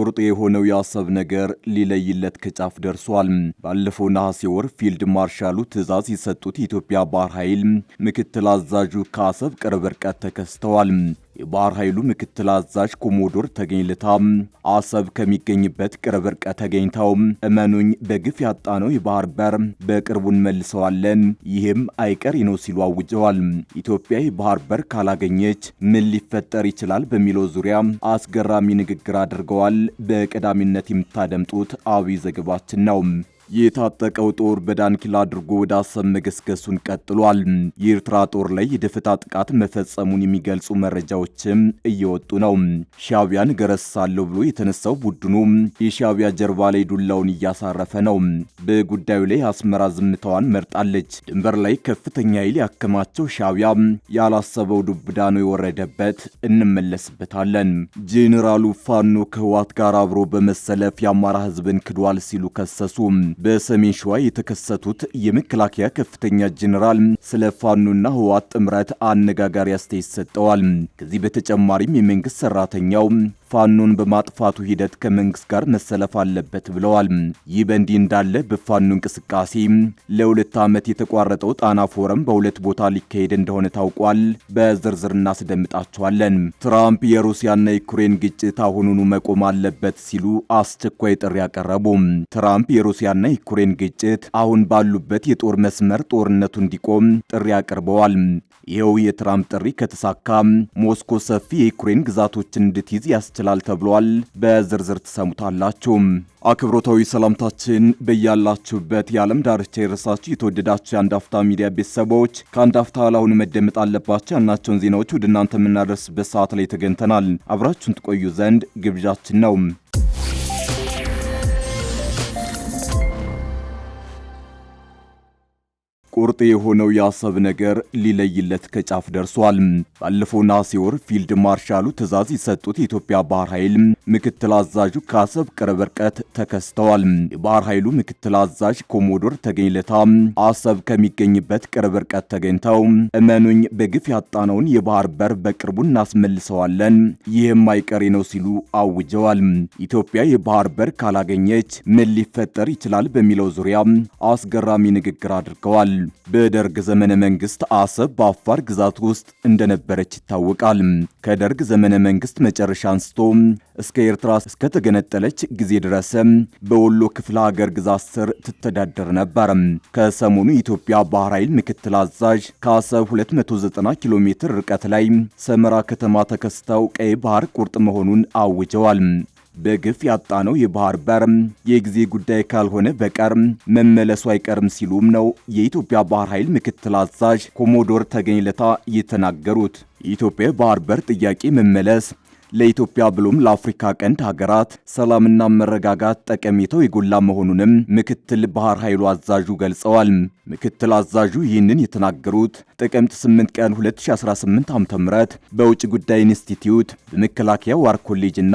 ቁርጥ የሆነው የአሰብ ነገር ሊለይለት ከጫፍ ደርሷል። ባለፈው ነሐሴ ወር ፊልድ ማርሻሉ ትዕዛዝ የሰጡት የኢትዮጵያ ባህር ኃይል ምክትል አዛዡ ከአሰብ ቅርብ ርቀት ተከስተዋል። የባህር ኃይሉ ምክትል አዛዥ ኮሞዶር ተገኝልታ አሰብ ከሚገኝበት ቅርብ ርቀት ተገኝተው እመኑኝ በግፍ ያጣነው የባህር በር በቅርቡ እንመልሰዋለን፣ ይህም አይቀሬ ነው ሲሉ አውጀዋል። ኢትዮጵያ የባህር በር ካላገኘች ምን ሊፈጠር ይችላል በሚለው ዙሪያ አስገራሚ ንግግር አድርገዋል። በቀዳሚነት የምታደምጡት አብይ ዘገባችን ነው። የታጠቀው ጦር በዳንኪላ አድርጎ ወደ አሰብ መገስገሱን ቀጥሏል። የኤርትራ ጦር ላይ የደፈጣ ጥቃት መፈጸሙን የሚገልጹ መረጃዎችም እየወጡ ነው። ሻቢያን ገረሳለሁ ብሎ የተነሳው ቡድኑ የሻቢያ ጀርባ ላይ ዱላውን እያሳረፈ ነው። በጉዳዩ ላይ አስመራ ዝምታዋን መርጣለች። ድንበር ላይ ከፍተኛ ኃይል ያከማቸው ሻቢያ ያላሰበው ዱብዳ ነው የወረደበት። እንመለስበታለን። ጄኔራሉ ፋኖ ከህዋት ጋር አብሮ በመሰለፍ የአማራ ህዝብን ክዷል ሲሉ ከሰሱ። በሰሜን ሸዋ የተከሰቱት የመከላከያ ከፍተኛ ጀኔራል ስለ ፋኖና ህወሓት ጥምረት አነጋጋሪ አስተያየት ሰጠዋል። ከዚህ በተጨማሪም የመንግስት ሰራተኛው ፋኖን በማጥፋቱ ሂደት ከመንግስት ጋር መሰለፍ አለበት ብለዋል። ይህ በእንዲህ እንዳለ በፋኖ እንቅስቃሴ ለሁለት ዓመት የተቋረጠው ጣና ፎረም በሁለት ቦታ ሊካሄድ እንደሆነ ታውቋል። በዝርዝር እናስደምጣቸዋለን። ትራምፕ የሩሲያና የዩክሬን ግጭት አሁኑኑ መቆም አለበት ሲሉ አስቸኳይ ጥሪ አቀረቡ። ትራምፕ የሩሲያና የዩክሬን ግጭት አሁን ባሉበት የጦር መስመር ጦርነቱ እንዲቆም ጥሪ አቅርበዋል። ይኸው የትራምፕ ጥሪ ከተሳካ ሞስኮ ሰፊ የዩክሬን ግዛቶችን እንድትይዝ ያስ ያስችላል ተብሏል። በዝርዝር ትሰሙታላችሁ። አክብሮታዊ ሰላምታችን በያላችሁበት የዓለም ዳርቻ የረሳችሁ የተወደዳችሁ የአንዳፍታ አፍታ ሚዲያ ቤተሰቦች ከአንዳፍታ አፍታ ላሁን መደመጥ አለባቸው ያልናቸውን ዜናዎች ወደ እናንተ የምናደርስበት ሰዓት ላይ ተገኝተናል። አብራችሁን ትቆዩ ዘንድ ግብዣችን ነው። ቁርጥ የሆነው የአሰብ ነገር ሊለይለት ከጫፍ ደርሷል። ባለፈው ነሐሴ ወር ፊልድ ማርሻሉ ትዕዛዝ የሰጡት የኢትዮጵያ ባህር ኃይል ምክትል አዛዡ ከአሰብ ቅርብ ርቀት ተከስተዋል። የባህር ኃይሉ ምክትል አዛዥ ኮሞዶር ተገኝለታ አሰብ ከሚገኝበት ቅርብ ርቀት ተገኝተው እመኑኝ፣ በግፍ ያጣነውን የባህር በር በቅርቡ እናስመልሰዋለን፣ ይህም አይቀሬ ነው ሲሉ አውጀዋል። ኢትዮጵያ የባህር በር ካላገኘች ምን ሊፈጠር ይችላል በሚለው ዙሪያ አስገራሚ ንግግር አድርገዋል። በደርግ ዘመነ መንግስት አሰብ በአፋር ግዛት ውስጥ እንደነበረች ይታወቃል። ከደርግ ዘመነ መንግስት መጨረሻ አንስቶ እስከ ኤርትራ እስከተገነጠለች ጊዜ ድረስ በወሎ ክፍለ ሀገር ግዛት ስር ትተዳደር ነበር። ከሰሞኑ የኢትዮጵያ ባህር ኃይል ምክትል አዛዥ ከአሰብ 290 ኪሎ ሜትር ርቀት ላይ ሰመራ ከተማ ተከስተው ቀይ ባህር ቁርጥ መሆኑን አውጀዋል። በግፍ ያጣነው የባህር በር የጊዜ ጉዳይ ካልሆነ በቀር መመለሱ አይቀርም ሲሉም ነው የኢትዮጵያ ባህር ኃይል ምክትል አዛዥ ኮሞዶር ተገኝለታ የተናገሩት። የኢትዮጵያ ባህር በር ጥያቄ መመለስ ለኢትዮጵያ ብሎም ለአፍሪካ ቀንድ ሀገራት ሰላምና መረጋጋት ጠቀሜታው የጎላ መሆኑንም ምክትል ባህር ኃይሉ አዛዡ ገልጸዋል። ምክትል አዛዡ ይህንን የተናገሩት ጥቅምት 8 ቀን 2018 ዓ.ም በውጭ ጉዳይ ኢንስቲትዩት በመከላከያ ዋር ኮሌጅና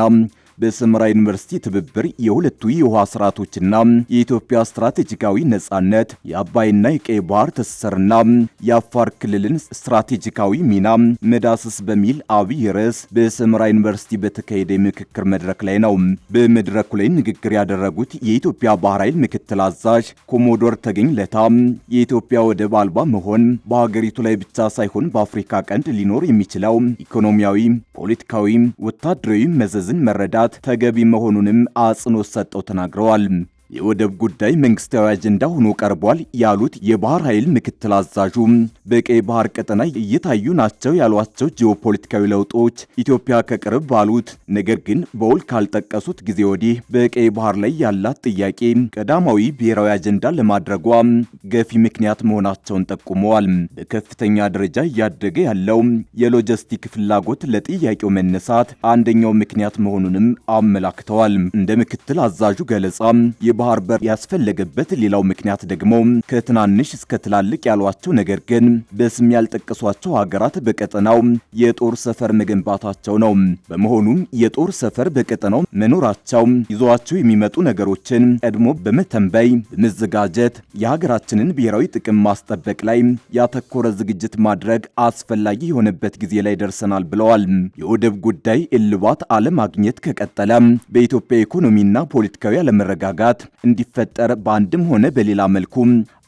በሰመራ ዩኒቨርሲቲ ትብብር የሁለቱ የውሃ ስርዓቶችና የኢትዮጵያ ስትራቴጂካዊ ነጻነት፣ የአባይና የቀይ ባህር ትስስርና የአፋር ክልልን ስትራቴጂካዊ ሚና መዳሰስ በሚል አብይ ርዕስ በሰመራ ዩኒቨርሲቲ በተካሄደ የምክክር መድረክ ላይ ነው። በመድረኩ ላይ ንግግር ያደረጉት የኢትዮጵያ ባህር ኃይል ምክትል አዛዥ ኮሞዶር ተገኝ ለታ የኢትዮጵያ ወደብ አልባ መሆን በሀገሪቱ ላይ ብቻ ሳይሆን በአፍሪካ ቀንድ ሊኖር የሚችለው ኢኮኖሚያዊ፣ ፖለቲካዊ፣ ወታደራዊ መዘዝን መረዳት ተገቢ መሆኑንም አጽንኦት ሰጠው ተናግረዋል። የወደብ ጉዳይ መንግስታዊ አጀንዳ ሆኖ ቀርቧል ያሉት የባህር ኃይል ምክትል አዛዡ በቀይ ባህር ቀጠና እየታዩ ናቸው ያሏቸው ጂኦፖለቲካዊ ለውጦች ኢትዮጵያ ከቅርብ ባሉት ነገር ግን በውል ካልጠቀሱት ጊዜ ወዲህ በቀይ ባህር ላይ ያላት ጥያቄ ቀዳማዊ ብሔራዊ አጀንዳ ለማድረጓ ገፊ ምክንያት መሆናቸውን ጠቁመዋል። በከፍተኛ ደረጃ እያደገ ያለው የሎጂስቲክ ፍላጎት ለጥያቄው መነሳት አንደኛው ምክንያት መሆኑንም አመላክተዋል። እንደ ምክትል አዛዡ ገለጻ ባህር በር ያስፈለገበት ሌላው ምክንያት ደግሞ ከትናንሽ እስከ ትላልቅ ያሏቸው ነገር ግን በስም ያልጠቀሷቸው ሀገራት በቀጠናው የጦር ሰፈር መገንባታቸው ነው። በመሆኑም የጦር ሰፈር በቀጠናው መኖራቸው ይዘዋቸው የሚመጡ ነገሮችን ቀድሞ በመተንበይ በመዘጋጀት የሀገራችንን ብሔራዊ ጥቅም ማስጠበቅ ላይ ያተኮረ ዝግጅት ማድረግ አስፈላጊ የሆነበት ጊዜ ላይ ደርሰናል ብለዋል። የወደብ ጉዳይ እልባት አለማግኘት ከቀጠለ በኢትዮጵያ ኢኮኖሚና ፖለቲካዊ አለመረጋጋት እንዲፈጠር በአንድም ሆነ በሌላ መልኩ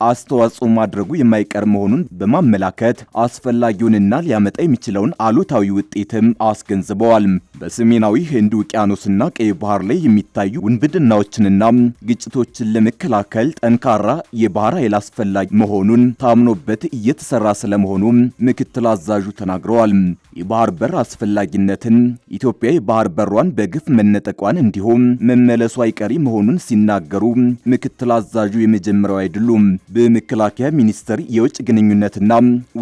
አስተዋጽኦ ማድረጉ የማይቀር መሆኑን በማመላከት አስፈላጊውንና ሊያመጣ የሚችለውን አሉታዊ ውጤትም አስገንዝበዋል። በሰሜናዊ ህንድ ውቅያኖስና ቀይ ባህር ላይ የሚታዩ ውንብድናዎችንና ግጭቶችን ለመከላከል ጠንካራ የባህር ኃይል አስፈላጊ መሆኑን ታምኖበት እየተሰራ ስለመሆኑ ምክትል አዛዡ ተናግረዋል። የባህር በር አስፈላጊነትን ኢትዮጵያ የባህር በሯን በግፍ መነጠቋን እንዲሁም መመለሱ አይቀሪ መሆኑን ሲናገ ሲናገሩ ምክትል አዛዡ የመጀመሪያው አይደሉም። በመከላከያ ሚኒስቴር የውጭ ግንኙነትና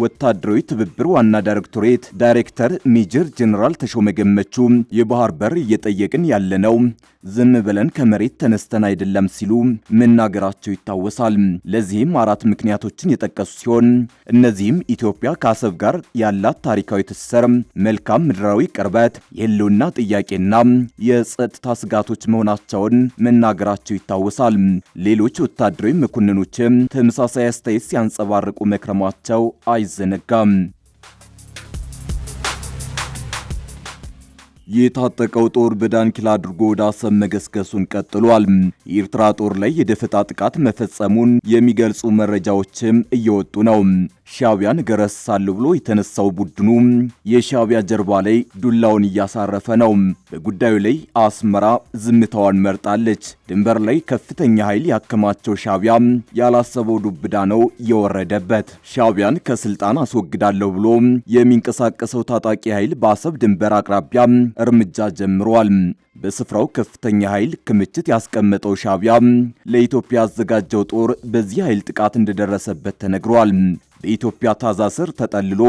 ወታደራዊ ትብብር ዋና ዳይሬክቶሬት ዳይሬክተር ሜጀር ጀኔራል ተሾመ ገመቹ የባህር በር እየጠየቅን ያለነው ዝም ብለን ከመሬት ተነስተን አይደለም ሲሉ መናገራቸው ይታወሳል። ለዚህም አራት ምክንያቶችን የጠቀሱ ሲሆን እነዚህም ኢትዮጵያ ከአሰብ ጋር ያላት ታሪካዊ ትስስር፣ መልካም ምድራዊ ቅርበት፣ የህልውና ጥያቄና የጸጥታ ስጋቶች መሆናቸውን መናገራቸው ይታወሳል። ይታወሳል። ሌሎች ወታደራዊ መኮንኖችም ተመሳሳይ አስተያየት ሲያንጸባርቁ መክረማቸው አይዘነጋም። የታጠቀው ጦር በዳንኪላ አድርጎ ወደ አሰብ መገስገሱን ቀጥሏል። የኤርትራ ጦር ላይ የደፈጣ ጥቃት መፈጸሙን የሚገልጹ መረጃዎችም እየወጡ ነው። ሻቢያን ገረሳለሁ ብሎ የተነሳው ቡድኑ የሻቢያ ጀርባ ላይ ዱላውን እያሳረፈ ነው። በጉዳዩ ላይ አስመራ ዝምታዋን መርጣለች። ድንበር ላይ ከፍተኛ ኃይል ያከማቸው ሻቢያ ያላሰበው ዱብዳ ነው የወረደበት። ሻቢያን ከስልጣን አስወግዳለሁ ብሎ የሚንቀሳቀሰው ታጣቂ ኃይል በአሰብ ድንበር አቅራቢያ እርምጃ ጀምሯል። በስፍራው ከፍተኛ ኃይል ክምችት ያስቀመጠው ሻቢያ ለኢትዮጵያ ያዘጋጀው ጦር በዚህ ኃይል ጥቃት እንደደረሰበት ተነግሯል። በኢትዮጵያ ታዛ ስር ተጠልሎ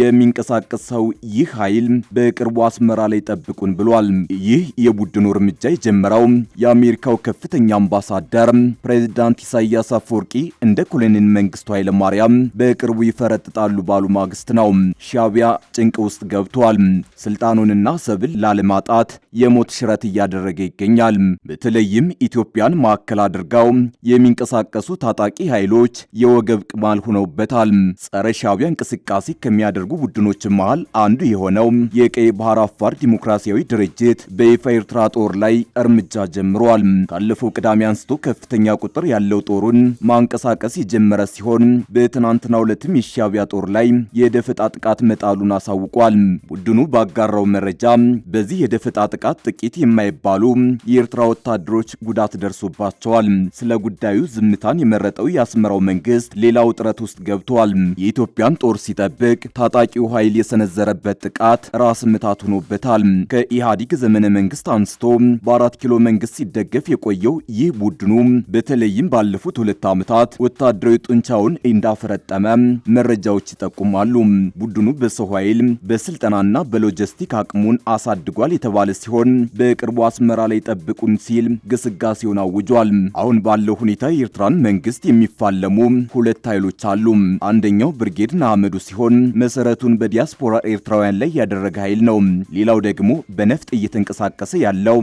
የሚንቀሳቀሰው ይህ ኃይል በቅርቡ አስመራ ላይ ጠብቁን ብሏል። ይህ የቡድኑ እርምጃ የጀመረው የአሜሪካው ከፍተኛ አምባሳደር ፕሬዚዳንት ኢሳያስ አፈወርቂ እንደ ኮሎኔል መንግስቱ ኃይለማርያም በቅርቡ ይፈረጥጣሉ ባሉ ማግስት ነው። ሻቢያ ጭንቅ ውስጥ ገብቷል። ስልጣኑንና ሰብል ላለማጣት የሞት ሽረት እያደረገ ይገኛል። በተለይም ኢትዮጵያን ማዕከል አድርገው የሚንቀሳቀሱ ታጣቂ ኃይሎች የወገብ ቅማል ሆነውበታል። ጸረ ሻቢያ እንቅስቃሴ ከሚያደርጉ ቡድኖች መሃል አንዱ የሆነው የቀይ ባህር አፋር ዲሞክራሲያዊ ድርጅት በይፋ ኤርትራ ጦር ላይ እርምጃ ጀምሯል። ካለፈው ቅዳሜ አንስቶ ከፍተኛ ቁጥር ያለው ጦሩን ማንቀሳቀስ የጀመረ ሲሆን በትናንትናው ዕለትም የሻቢያ ጦር ላይ የደፈጣ ጥቃት መጣሉን አሳውቋል። ቡድኑ ባጋራው መረጃ በዚህ የደፈጣ ጥቃት ጥቂት የማይባሉ የኤርትራ ወታደሮች ጉዳት ደርሶባቸዋል። ስለ ጉዳዩ ዝምታን የመረጠው የአስመራው መንግስት ሌላ ውጥረት ውስጥ ገብቷል። ተገልጿል። የኢትዮጵያን ጦር ሲጠብቅ ታጣቂው ኃይል የሰነዘረበት ጥቃት ራስ ምታት ሆኖበታል። ከኢህአዲግ ዘመነ መንግስት አንስቶ በአራት ኪሎ መንግስት ሲደገፍ የቆየው ይህ ቡድኑ በተለይም ባለፉት ሁለት ዓመታት ወታደራዊ ጡንቻውን እንዳፈረጠመ መረጃዎች ይጠቁማሉ። ቡድኑ በሰው ኃይል በስልጠናና በሎጂስቲክ አቅሙን አሳድጓል የተባለ ሲሆን በቅርቡ አስመራ ላይ ጠብቁን ሲል ግስጋሴውን አውጇል። አሁን ባለው ሁኔታ የኤርትራን መንግስት የሚፋለሙ ሁለት ኃይሎች አሉ። አንደኛው ብርጌድ ንሓመዱ ሲሆን መሰረቱን በዲያስፖራ ኤርትራውያን ላይ ያደረገ ኃይል ነው። ሌላው ደግሞ በነፍጥ እየተንቀሳቀሰ ያለው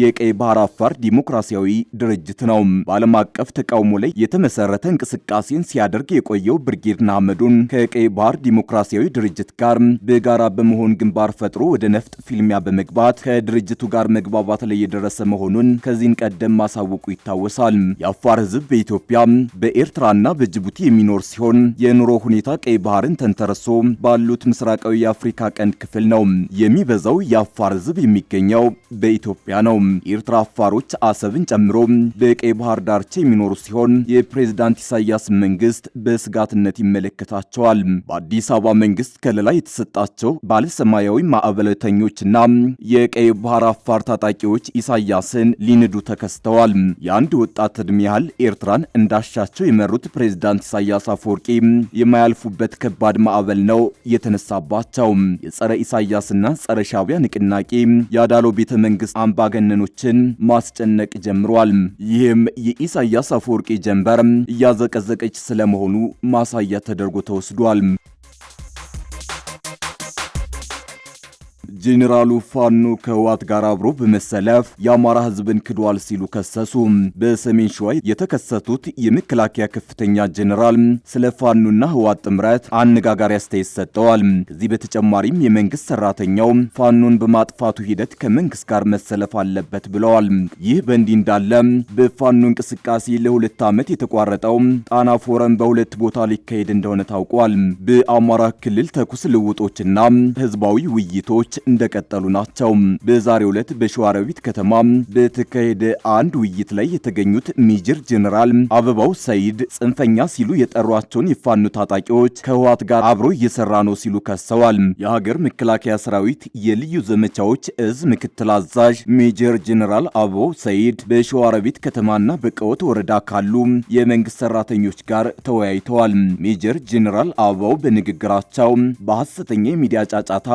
የቀይ ባህር አፋር ዲሞክራሲያዊ ድርጅት ነው። በዓለም አቀፍ ተቃውሞ ላይ የተመሰረተ እንቅስቃሴን ሲያደርግ የቆየው ብርጌድ ንሓመዱን ከቀይ ባህር ዲሞክራሲያዊ ድርጅት ጋር በጋራ በመሆን ግንባር ፈጥሮ ወደ ነፍጥ ፊልሚያ በመግባት ከድርጅቱ ጋር መግባባት ላይ የደረሰ መሆኑን ከዚህን ቀደም ማሳወቁ ይታወሳል። የአፋር ህዝብ በኢትዮጵያ በኤርትራና በጅቡቲ የሚኖር ሲሆን የኑሮ ሁኔታ ቀይ ባህርን ተንተርሶ ባሉት ምስራቃዊ የአፍሪካ ቀንድ ክፍል ነው። የሚበዛው የአፋር ህዝብ የሚገኘው በኢትዮጵያ ነው። ነው። የኤርትራ አፋሮች አሰብን ጨምሮ በቀይ ባህር ዳርቻ የሚኖሩ ሲሆን የፕሬዝዳንት ኢሳያስ መንግስት በስጋትነት ይመለከታቸዋል። በአዲስ አበባ መንግስት ከለላ የተሰጣቸው ባለሰማያዊ ማዕበለተኞችና የቀይ ባህር አፋር ታጣቂዎች ኢሳያስን ሊንዱ ተከስተዋል። የአንድ ወጣት ዕድሜ ያህል ኤርትራን እንዳሻቸው የመሩት ፕሬዝዳንት ኢሳያስ አፈወርቂ የማያልፉበት ከባድ ማዕበል ነው የተነሳባቸው። የጸረ ኢሳያስና ጸረ ሻቢያ ንቅናቄ የአዳሎ ቤተ መንግስት አምባገን መኮንኖችን ማስጨነቅ ጀምሯል። ይህም የኢሳያስ አፈወርቂ ጀንበር እያዘቀዘቀች ስለመሆኑ ማሳያ ተደርጎ ተወስዷል። ጄኔራሉ ፋኖ ከህዋት ጋር አብሮ በመሰለፍ የአማራ ህዝብን ክዷል ሲሉ ከሰሱ። በሰሜን ሸዋ የተከሰቱት የመከላከያ ከፍተኛ ጄኔራል ስለ ፋኖና ህዋት ጥምረት አነጋጋሪ አስተያየት ሰጥተዋል። ከዚህ በተጨማሪም የመንግስት ሰራተኛው ፋኖን በማጥፋቱ ሂደት ከመንግስት ጋር መሰለፍ አለበት ብለዋል። ይህ በእንዲህ እንዳለ በፋኖ እንቅስቃሴ ለሁለት ዓመት የተቋረጠው ጣና ፎረም በሁለት ቦታ ሊካሄድ እንደሆነ ታውቋል። በአማራ ክልል ተኩስ ልውጦችና ህዝባዊ ውይይቶች እንደቀጠሉ ናቸው። በዛሬው ዕለት በሸዋሮቢት ከተማ በተካሄደ አንድ ውይይት ላይ የተገኙት ሜጀር ጄኔራል አበባው ሰይድ ጽንፈኛ ሲሉ የጠሯቸውን የፋኑ ታጣቂዎች ከህወሓት ጋር አብሮ እየሰራ ነው ሲሉ ከሰዋል። የሀገር መከላከያ ሰራዊት የልዩ ዘመቻዎች እዝ ምክትል አዛዥ ሜጀር ጄኔራል አበባው ሰይድ በሸዋረቢት ከተማና በቀወት ወረዳ ካሉ የመንግስት ሰራተኞች ጋር ተወያይተዋል። ሜጀር ጄኔራል አበባው በንግግራቸው በሐሰተኛ የሚዲያ ጫጫታ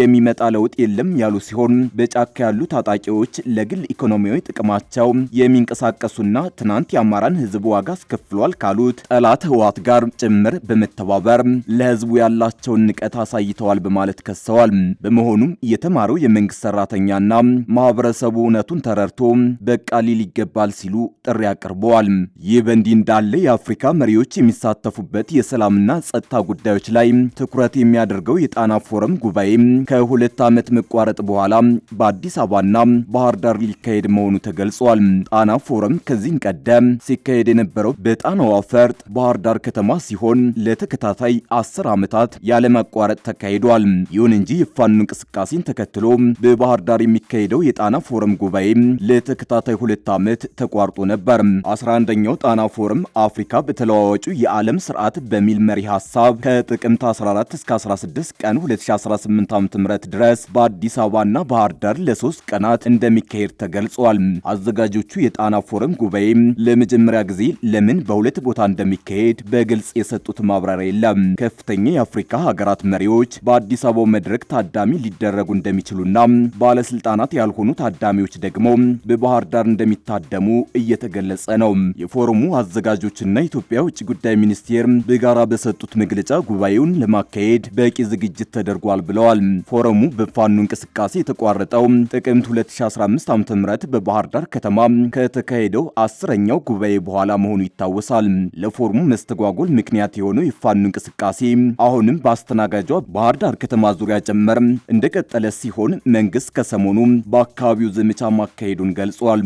የሚመጣ ለውጥ የለም ያሉ ሲሆን በጫካ ያሉ ታጣቂዎች ለግል ኢኮኖሚያዊ ጥቅማቸው የሚንቀሳቀሱና ትናንት የአማራን ሕዝብ ዋጋ አስከፍሏል ካሉት ጠላት ህወሓት ጋር ጭምር በመተባበር ለህዝቡ ያላቸውን ንቀት አሳይተዋል በማለት ከሰዋል። በመሆኑም የተማረው የመንግስት ሰራተኛና ማህበረሰቡ እውነቱን ተረድቶ በቃ ሊል ይገባል ሲሉ ጥሪ አቅርበዋል። ይህ በእንዲህ እንዳለ የአፍሪካ መሪዎች የሚሳተፉበት የሰላምና ጸጥታ ጉዳዮች ላይ ትኩረት የሚያደርገው የጣና ፎረም ጉባኤ ከሁለት ዓመት መቋረጥ በኋላ በአዲስ አበባና ባህር ዳር ሊካሄድ መሆኑ ተገልጿል። ጣና ፎረም ከዚህም ቀደም ሲካሄድ የነበረው በጣናዋ ፈርጥ ባህር ዳር ከተማ ሲሆን ለተከታታይ አስር ዓመታት ያለማቋረጥ ተካሂዷል። ይሁን እንጂ የፋኑ እንቅስቃሴን ተከትሎ በባህር ዳር የሚካሄደው የጣና ፎረም ጉባኤ ለተከታታይ ሁለት ዓመት ተቋርጦ ነበር። 11ኛው ጣና ፎረም አፍሪካ በተለዋዋጩ የዓለም ስርዓት በሚል መሪ ሀሳብ ከጥቅምት 14 እስከ 16 ቀን 2018 ም ድረስ ኮንግረስ በአዲስ አበባና ባህር ዳር ለሶስት ቀናት እንደሚካሄድ ተገልጿል። አዘጋጆቹ የጣና ፎረም ጉባኤ ለመጀመሪያ ጊዜ ለምን በሁለት ቦታ እንደሚካሄድ በግልጽ የሰጡት ማብራሪያ የለም። ከፍተኛ የአፍሪካ ሀገራት መሪዎች በአዲስ አበባው መድረክ ታዳሚ ሊደረጉ እንደሚችሉና ባለስልጣናት ያልሆኑ ታዳሚዎች ደግሞ በባህር ዳር እንደሚታደሙ እየተገለጸ ነው። የፎረሙ አዘጋጆችና የኢትዮጵያ ውጭ ጉዳይ ሚኒስቴር በጋራ በሰጡት መግለጫ ጉባኤውን ለማካሄድ በቂ ዝግጅት ተደርጓል ብለዋል። ፎረሙ የፋኖ እንቅስቃሴ የተቋረጠው ጥቅምት 2015 ዓ.ም በባህር ዳር ከተማ ከተካሄደው አስረኛው ጉባኤ በኋላ መሆኑ ይታወሳል። ለፎርሙ መስተጓጎል ምክንያት የሆነው የፋኖ እንቅስቃሴ አሁንም በአስተናጋጇ ባህር ዳር ከተማ ዙሪያ ጭምር እንደቀጠለ ሲሆን መንግስት ከሰሞኑ በአካባቢው ዘመቻ ማካሄዱን ገልጿል።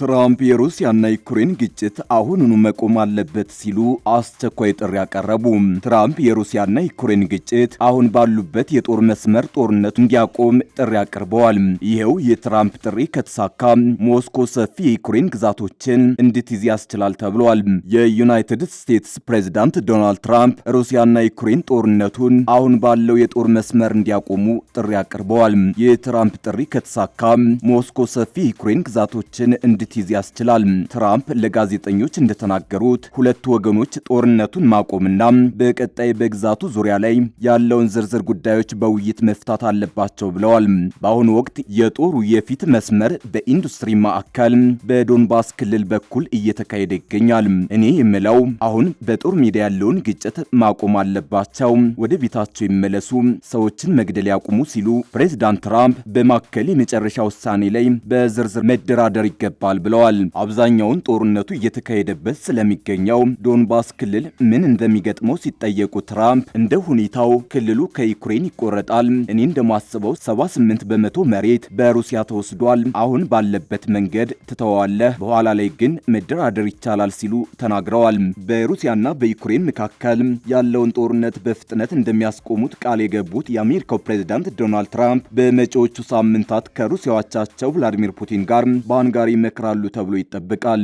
ትራምፕ የሩሲያና ዩክሬን ግጭት አሁኑኑ መቆም አለበት ሲሉ አስቸኳይ ጥሪ አቀረቡ። ትራምፕ የሩሲያና ዩክሬን ግጭት አሁን ባሉበት የጦር መስመር ጦርነቱ እንዲያቆም ጥሪ አቅርበዋል። ይኸው የትራምፕ ጥሪ ከተሳካ ሞስኮ ሰፊ የዩክሬን ግዛቶችን እንድትይዝ ያስችላል ተብሏል። የዩናይትድ ስቴትስ ፕሬዚዳንት ዶናልድ ትራምፕ ሩሲያና ዩክሬን ጦርነቱን አሁን ባለው የጦር መስመር እንዲያቆሙ ጥሪ አቅርበዋል። የትራምፕ ጥሪ ከተሳካ ሞስኮ ሰፊ የዩክሬን ግዛቶችን እንድትይዝ ያስችላል። ትራምፕ ለጋዜጠኞች እንደተናገሩት ሁለቱ ወገኖች ጦርነቱን ማቆምና በቀጣይ በግዛቱ ዙሪያ ላይ ያለውን ዝርዝር ጉዳዮች በውይይት መፍታት አለባቸው ብለዋል። በአሁኑ ወቅት የጦሩ የፊት መስመር በኢንዱስትሪ ማዕከል በዶንባስ ክልል በኩል እየተካሄደ ይገኛል። እኔ የምለው አሁን በጦር ሜዳ ያለውን ግጭት ማቆም አለባቸው፣ ወደ ቤታቸው ይመለሱ፣ ሰዎችን መግደል ያቁሙ ሲሉ ፕሬዚዳንት ትራምፕ በማዕከል የመጨረሻ ውሳኔ ላይ በዝርዝር መደራደር ይገባል ተገኝተዋል ብለዋል። አብዛኛውን ጦርነቱ እየተካሄደበት ስለሚገኘው ዶንባስ ክልል ምን እንደሚገጥመው ሲጠየቁ ትራምፕ እንደ ሁኔታው ክልሉ ከዩክሬን ይቆረጣል፣ እኔ እንደማስበው 78 በመቶ መሬት በሩሲያ ተወስዷል፣ አሁን ባለበት መንገድ ትተዋለህ፣ በኋላ ላይ ግን መደራደር ይቻላል ሲሉ ተናግረዋል። በሩሲያና በዩክሬን መካከል ያለውን ጦርነት በፍጥነት እንደሚያስቆሙት ቃል የገቡት የአሜሪካው ፕሬዚዳንት ዶናልድ ትራምፕ በመጪዎቹ ሳምንታት ከሩሲያዎቻቸው ቭላዲሚር ፑቲን ጋር በአንጋሪ መክረው ያጠናክራሉ ተብሎ ይጠበቃል።